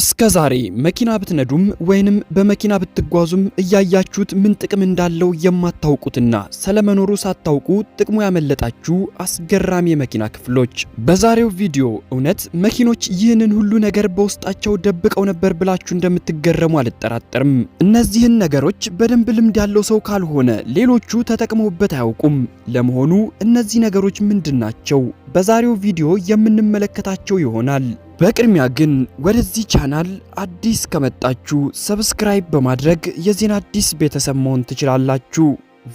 እስከ ዛሬ መኪና ብትነዱም ወይንም በመኪና ብትጓዙም እያያችሁት ምን ጥቅም እንዳለው የማታውቁትና ስለመኖሩ ሳታውቁ ጥቅሙ ያመለጣችሁ አስገራሚ የመኪና ክፍሎች በዛሬው ቪዲዮ እውነት መኪኖች ይህንን ሁሉ ነገር በውስጣቸው ደብቀው ነበር ብላችሁ እንደምትገረሙ አልጠራጠርም። እነዚህን ነገሮች በደንብ ልምድ ያለው ሰው ካልሆነ ሌሎቹ ተጠቅመውበት አያውቁም። ለመሆኑ እነዚህ ነገሮች ምንድን ናቸው? በዛሬው ቪዲዮ የምንመለከታቸው ይሆናል። በቅድሚያ ግን ወደዚህ ቻናል አዲስ ከመጣችሁ ሰብስክራይብ በማድረግ የዜና አዲስ ቤተሰብ መሆን ትችላላችሁ።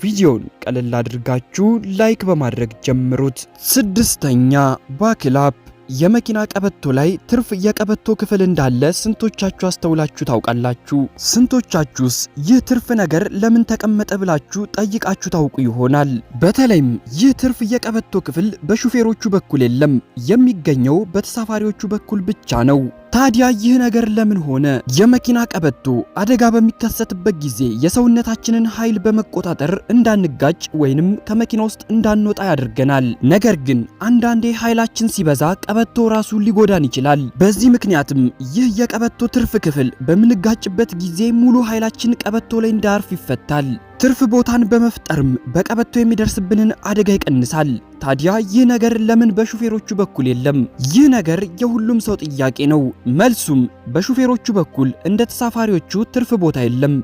ቪዲዮን ቀለል አድርጋችሁ ላይክ በማድረግ ጀምሩት። ስድስተኛ ባክላፕ የመኪና ቀበቶ ላይ ትርፍ የቀበቶ ክፍል እንዳለ ስንቶቻችሁ አስተውላችሁ ታውቃላችሁ? ስንቶቻችሁስ ይህ ትርፍ ነገር ለምን ተቀመጠ ብላችሁ ጠይቃችሁ ታውቁ ይሆናል። በተለይም ይህ ትርፍ የቀበቶ ክፍል በሹፌሮቹ በኩል የለም፣ የሚገኘው በተሳፋሪዎቹ በኩል ብቻ ነው። ታዲያ ይህ ነገር ለምን ሆነ? የመኪና ቀበቶ አደጋ በሚከሰትበት ጊዜ የሰውነታችንን ኃይል በመቆጣጠር እንዳንጋጭ ወይንም ከመኪና ውስጥ እንዳንወጣ ያደርገናል። ነገር ግን አንዳንዴ ኃይላችን ሲበዛ ቀበቶ ራሱ ሊጎዳን ይችላል። በዚህ ምክንያትም ይህ የቀበቶ ትርፍ ክፍል በምንጋጭበት ጊዜ ሙሉ ኃይላችን ቀበቶ ላይ እንዳርፍ ይፈታል። ትርፍ ቦታን በመፍጠርም በቀበቶ የሚደርስብንን አደጋ ይቀንሳል። ታዲያ ይህ ነገር ለምን በሹፌሮቹ በኩል የለም? ይህ ነገር የሁሉም ሰው ጥያቄ ነው። መልሱም በሹፌሮቹ በኩል እንደ ተሳፋሪዎቹ ትርፍ ቦታ የለም።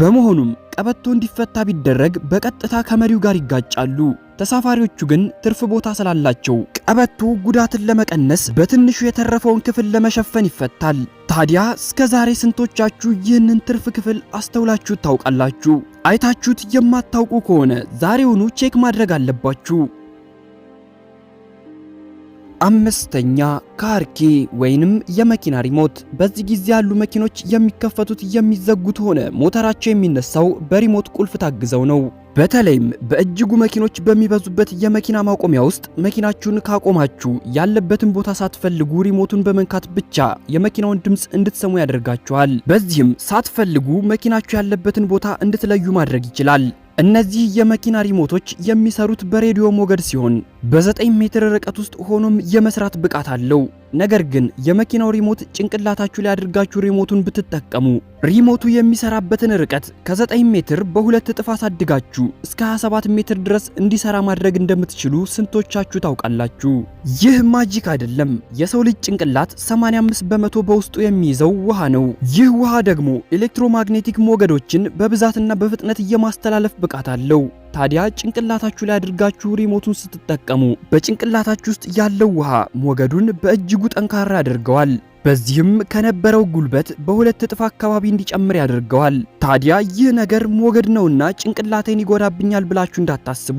በመሆኑም ቀበቶ እንዲፈታ ቢደረግ በቀጥታ ከመሪው ጋር ይጋጫሉ። ተሳፋሪዎቹ ግን ትርፍ ቦታ ስላላቸው ቀበቶ ጉዳትን ለመቀነስ በትንሹ የተረፈውን ክፍል ለመሸፈን ይፈታል። ታዲያ እስከ ዛሬ ስንቶቻችሁ ይህንን ትርፍ ክፍል አስተውላችሁ ታውቃላችሁ? አይታችሁት የማታውቁ ከሆነ ዛሬውኑ ቼክ ማድረግ አለባችሁ። አምስተኛ ካርኪ ወይንም የመኪና ሪሞት። በዚህ ጊዜ ያሉ መኪኖች የሚከፈቱት የሚዘጉት ሆነ ሞተራቸው የሚነሳው በሪሞት ቁልፍ ታግዘው ነው። በተለይም በእጅጉ መኪኖች በሚበዙበት የመኪና ማቆሚያ ውስጥ መኪናችሁን ካቆማችሁ ያለበትን ቦታ ሳትፈልጉ ሪሞቱን በመንካት ብቻ የመኪናውን ድምፅ እንድትሰሙ ያደርጋችኋል። በዚህም ሳትፈልጉ መኪናችሁ ያለበትን ቦታ እንድትለዩ ማድረግ ይችላል። እነዚህ የመኪና ሪሞቶች የሚሰሩት በሬዲዮ ሞገድ ሲሆን በዘጠኝ ሜትር ርቀት ውስጥ ሆኖም የመስራት ብቃት አለው። ነገር ግን የመኪናው ሪሞት ጭንቅላታችሁ ላይ አድርጋችሁ ሪሞቱን ብትጠቀሙ ሪሞቱ የሚሰራበትን ርቀት ከ9 ሜትር በሁለት እጥፍ አሳድጋችሁ እስከ 27 ሜትር ድረስ እንዲሰራ ማድረግ እንደምትችሉ ስንቶቻችሁ ታውቃላችሁ? ይህ ማጂክ አይደለም። የሰው ልጅ ጭንቅላት 85 በመቶ በውስጡ የሚይዘው ውሃ ነው። ይህ ውሃ ደግሞ ኤሌክትሮማግኔቲክ ሞገዶችን በብዛትና በፍጥነት የማስተላለፍ ብቃት አለው። ታዲያ ጭንቅላታችሁ ላይ አድርጋችሁ ሪሞቱን ስትጠቀሙ በጭንቅላታችሁ ውስጥ ያለው ውሃ ሞገዱን በእጅጉ ጠንካራ ያደርገዋል። በዚህም ከነበረው ጉልበት በሁለት እጥፍ አካባቢ እንዲጨምር ያደርገዋል። ታዲያ ይህ ነገር ሞገድ ነውና ጭንቅላቴን ይጎዳብኛል ብላችሁ እንዳታስቡ።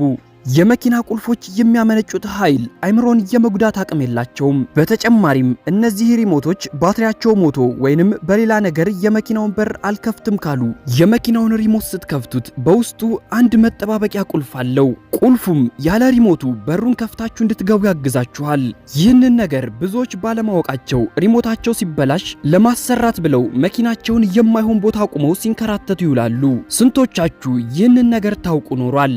የመኪና ቁልፎች የሚያመነጩት ኃይል አይምሮን የመጉዳት አቅም የላቸውም። በተጨማሪም እነዚህ ሪሞቶች ባትሪያቸው ሞቶ ወይንም በሌላ ነገር የመኪናውን በር አልከፍትም ካሉ የመኪናውን ሪሞት ስትከፍቱት በውስጡ አንድ መጠባበቂያ ቁልፍ አለው። ቁልፉም ያለ ሪሞቱ በሩን ከፍታችሁ እንድትገቡ ያግዛችኋል። ይህንን ነገር ብዙዎች ባለማወቃቸው ሪሞታቸው ሲበላሽ ለማሰራት ብለው መኪናቸውን የማይሆን ቦታ አቁመው ሲንከራተቱ ይውላሉ። ስንቶቻችሁ ይህንን ነገር ታውቁ ኖሯል?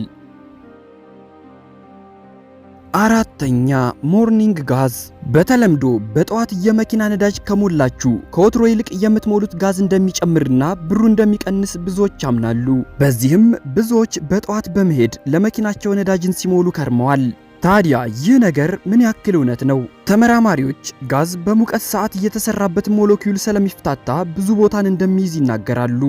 አራተኛ ሞርኒንግ ጋዝ በተለምዶ በጠዋት የመኪና ነዳጅ ከሞላችሁ ከወትሮ ይልቅ የምትሞሉት ጋዝ እንደሚጨምርና ብሩ እንደሚቀንስ ብዙዎች ያምናሉ። በዚህም ብዙዎች በጠዋት በመሄድ ለመኪናቸው ነዳጅን ሲሞሉ ከርመዋል። ታዲያ ይህ ነገር ምን ያክል እውነት ነው? ተመራማሪዎች ጋዝ በሙቀት ሰዓት እየተሰራበት ሞለኪውል ስለሚፍታታ ብዙ ቦታን እንደሚይዝ ይናገራሉ።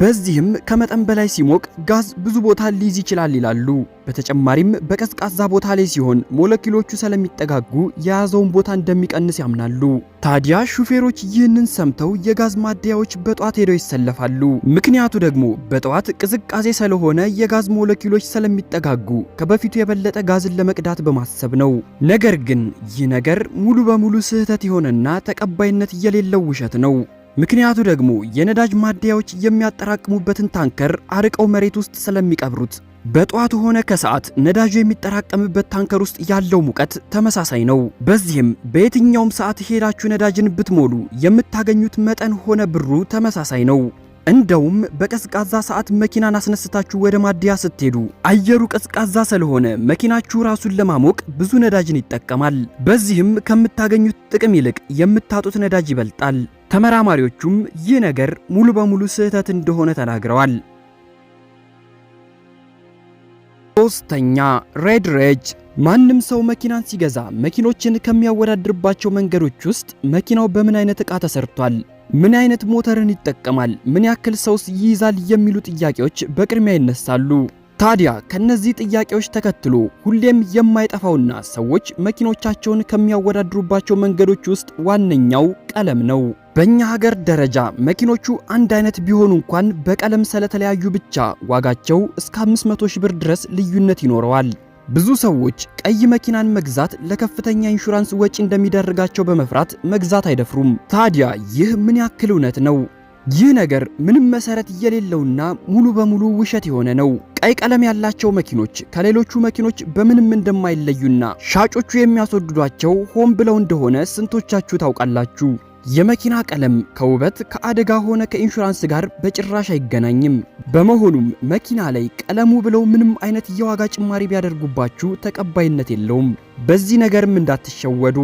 በዚህም ከመጠን በላይ ሲሞቅ ጋዝ ብዙ ቦታ ሊይዝ ይችላል ይላሉ። በተጨማሪም በቀዝቃዛ ቦታ ላይ ሲሆን ሞለኪውሎቹ ስለሚጠጋጉ የያዘውን ቦታ እንደሚቀንስ ያምናሉ። ታዲያ ሹፌሮች ይህንን ሰምተው የጋዝ ማደያዎች በጠዋት ሄደው ይሰለፋሉ። ምክንያቱ ደግሞ በጠዋት ቅዝቃዜ ስለሆነ የጋዝ ሞለኪውሎች ስለሚጠጋጉ ከበፊቱ የበለጠ ጋዝን ለመቅዳት በማሰብ ነው። ነገር ግን ይህ ነገር ነገር ሙሉ በሙሉ ስህተት የሆነና ተቀባይነት የሌለው ውሸት ነው። ምክንያቱ ደግሞ የነዳጅ ማደያዎች የሚያጠራቅሙበትን ታንከር አርቀው መሬት ውስጥ ስለሚቀብሩት በጠዋቱ ሆነ ከሰዓት ነዳጁ የሚጠራቀምበት ታንከር ውስጥ ያለው ሙቀት ተመሳሳይ ነው። በዚህም በየትኛውም ሰዓት ሄዳችሁ ነዳጅን ብትሞሉ የምታገኙት መጠን ሆነ ብሩ ተመሳሳይ ነው። እንደውም በቀዝቃዛ ሰዓት መኪናን አስነስታችሁ ወደ ማደያ ስትሄዱ አየሩ ቀዝቃዛ ስለሆነ መኪናችሁ ራሱን ለማሞቅ ብዙ ነዳጅን ይጠቀማል። በዚህም ከምታገኙት ጥቅም ይልቅ የምታጡት ነዳጅ ይበልጣል። ተመራማሪዎቹም ይህ ነገር ሙሉ በሙሉ ስህተት እንደሆነ ተናግረዋል። ሶስተኛ ሬድ ሬጅ ማንም ሰው መኪናን ሲገዛ መኪኖችን ከሚያወዳድርባቸው መንገዶች ውስጥ መኪናው በምን አይነት ዕቃ ተሰርቷል ምን አይነት ሞተርን ይጠቀማል? ምን ያክል ሰውስ ይይዛል? የሚሉ ጥያቄዎች በቅድሚያ ይነሳሉ። ታዲያ ከነዚህ ጥያቄዎች ተከትሎ ሁሌም የማይጠፋውና ሰዎች መኪኖቻቸውን ከሚያወዳድሩባቸው መንገዶች ውስጥ ዋነኛው ቀለም ነው። በእኛ ሀገር ደረጃ መኪኖቹ አንድ አይነት ቢሆኑ እንኳን በቀለም ስለተለያዩ ብቻ ዋጋቸው እስከ 500 ሺህ ብር ድረስ ልዩነት ይኖረዋል። ብዙ ሰዎች ቀይ መኪናን መግዛት ለከፍተኛ ኢንሹራንስ ወጪ እንደሚደርጋቸው በመፍራት መግዛት አይደፍሩም። ታዲያ ይህ ምን ያክል እውነት ነው? ይህ ነገር ምንም መሰረት የሌለውና ሙሉ በሙሉ ውሸት የሆነ ነው። ቀይ ቀለም ያላቸው መኪኖች ከሌሎቹ መኪኖች በምንም እንደማይለዩና ሻጮቹ የሚያስወድዷቸው ሆን ብለው እንደሆነ ስንቶቻችሁ ታውቃላችሁ? የመኪና ቀለም ከውበት ከአደጋ ሆነ ከኢንሹራንስ ጋር በጭራሽ አይገናኝም። በመሆኑም መኪና ላይ ቀለሙ ብለው ምንም አይነት የዋጋ ጭማሪ ቢያደርጉባችሁ ተቀባይነት የለውም። በዚህ ነገርም እንዳትሸወዱ።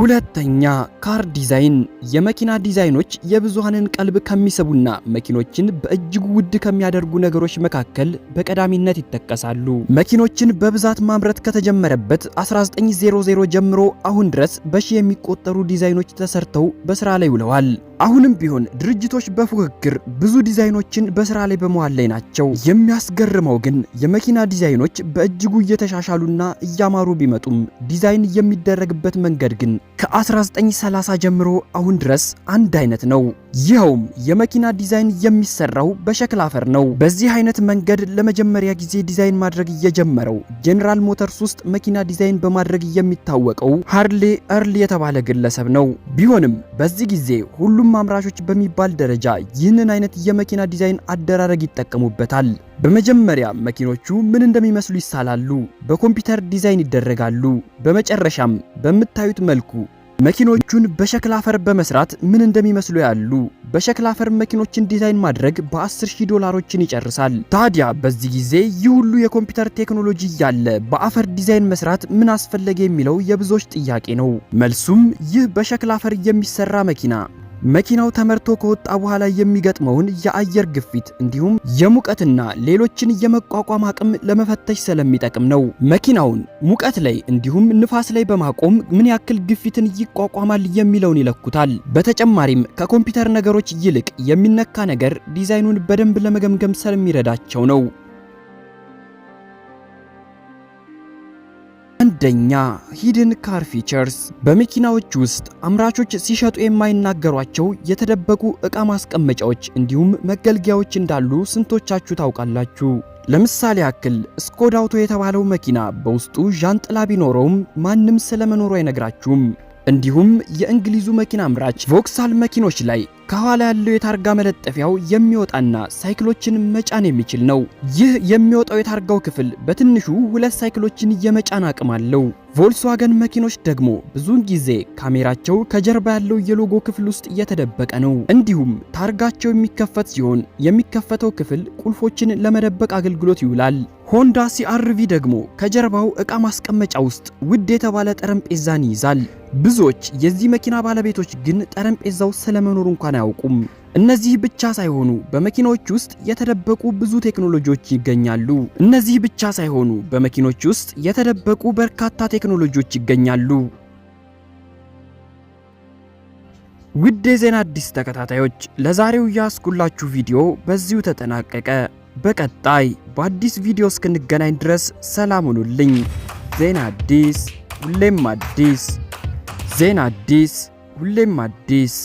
ሁለተኛ ካር ዲዛይን የመኪና ዲዛይኖች የብዙሃንን ቀልብ ከሚስቡና መኪኖችን በእጅጉ ውድ ከሚያደርጉ ነገሮች መካከል በቀዳሚነት ይጠቀሳሉ። መኪኖችን በብዛት ማምረት ከተጀመረበት 1900 ጀምሮ አሁን ድረስ በሺ የሚቆጠሩ ዲዛይኖች ተሰርተው በስራ ላይ ውለዋል። አሁንም ቢሆን ድርጅቶች በፉክክር ብዙ ዲዛይኖችን በስራ ላይ በመዋል ላይ ናቸው። የሚያስገርመው ግን የመኪና ዲዛይኖች በእጅጉ እየተሻሻሉና እያማሩ ቢመጡም ዲዛይን የሚደረግበት መንገድ ግን ከ1930 ጀምሮ አሁን ድረስ አንድ አይነት ነው። ይኸውም የመኪና ዲዛይን የሚሰራው በሸክላ አፈር ነው። በዚህ አይነት መንገድ ለመጀመሪያ ጊዜ ዲዛይን ማድረግ የጀመረው ጄኔራል ሞተርስ ውስጥ መኪና ዲዛይን በማድረግ የሚታወቀው ሃርሌ እርል የተባለ ግለሰብ ነው። ቢሆንም በዚህ ጊዜ ሁሉም አምራቾች በሚባል ደረጃ ይህንን አይነት የመኪና ዲዛይን አደራረግ ይጠቀሙበታል። በመጀመሪያ መኪኖቹ ምን እንደሚመስሉ ይሳላሉ፣ በኮምፒውተር ዲዛይን ይደረጋሉ። በመጨረሻም በምታዩት መልኩ መኪኖቹን በሸክላ አፈር በመስራት ምን እንደሚመስሉ ያሉ በሸክላ አፈር መኪኖችን ዲዛይን ማድረግ በ 10000 ዶላሮችን ይጨርሳል። ታዲያ በዚህ ጊዜ ይህ ሁሉ የኮምፒውተር ቴክኖሎጂ እያለ በአፈር ዲዛይን መስራት ምን አስፈለገ የሚለው የብዙዎች ጥያቄ ነው። መልሱም ይህ በሸክላ አፈር የሚሰራ መኪና መኪናው ተመርቶ ከወጣ በኋላ የሚገጥመውን የአየር ግፊት እንዲሁም የሙቀትና ሌሎችን የመቋቋም አቅም ለመፈተሽ ስለሚጠቅም ነው። መኪናውን ሙቀት ላይ እንዲሁም ንፋስ ላይ በማቆም ምን ያክል ግፊትን ይቋቋማል የሚለውን ይለኩታል። በተጨማሪም ከኮምፒውተር ነገሮች ይልቅ የሚነካ ነገር ዲዛይኑን በደንብ ለመገምገም ስለሚረዳቸው ነው። አንደኛ ሂድን ካር ፊቸርስ በመኪናዎች ውስጥ አምራቾች ሲሸጡ የማይናገሯቸው የተደበቁ እቃ ማስቀመጫዎች እንዲሁም መገልገያዎች እንዳሉ ስንቶቻችሁ ታውቃላችሁ? ለምሳሌ ያክል ስኮዳ አውቶ የተባለው መኪና በውስጡ ዣንጥላ ቢኖረውም ማንም ስለመኖሩ አይነግራችሁም። እንዲሁም የእንግሊዙ መኪና አምራች ቮክሳል መኪኖች ላይ ከኋላ ያለው የታርጋ መለጠፊያው የሚወጣና ሳይክሎችን መጫን የሚችል ነው። ይህ የሚወጣው የታርጋው ክፍል በትንሹ ሁለት ሳይክሎችን የመጫን አቅም አለው። ቮልስዋገን መኪኖች ደግሞ ብዙውን ጊዜ ካሜራቸው ከጀርባ ያለው የሎጎ ክፍል ውስጥ እየተደበቀ ነው። እንዲሁም ታርጋቸው የሚከፈት ሲሆን የሚከፈተው ክፍል ቁልፎችን ለመደበቅ አገልግሎት ይውላል። ሆንዳ ሲአርቪ ደግሞ ከጀርባው ዕቃ ማስቀመጫ ውስጥ ውድ የተባለ ጠረጴዛን ይይዛል። ብዙዎች የዚህ መኪና ባለቤቶች ግን ጠረጴዛው ስለመኖሩ እንኳን አያውቁም። እነዚህ ብቻ ሳይሆኑ በመኪኖች ውስጥ የተደበቁ ብዙ ቴክኖሎጂዎች ይገኛሉ። እነዚህ ብቻ ሳይሆኑ በመኪኖች ውስጥ የተደበቁ በርካታ ቴክኖሎጂዎች ይገኛሉ። ውድ የዜና አዲስ ተከታታዮች ለዛሬው ያስኩላችሁ ቪዲዮ በዚሁ ተጠናቀቀ። በቀጣይ በአዲስ ቪዲዮ እስክንገናኝ ድረስ ሰላም ሁኑልኝ። ዜና አዲስ ሁሌም አዲስ ዜና አዲስ፣ ሁሌም አዲስ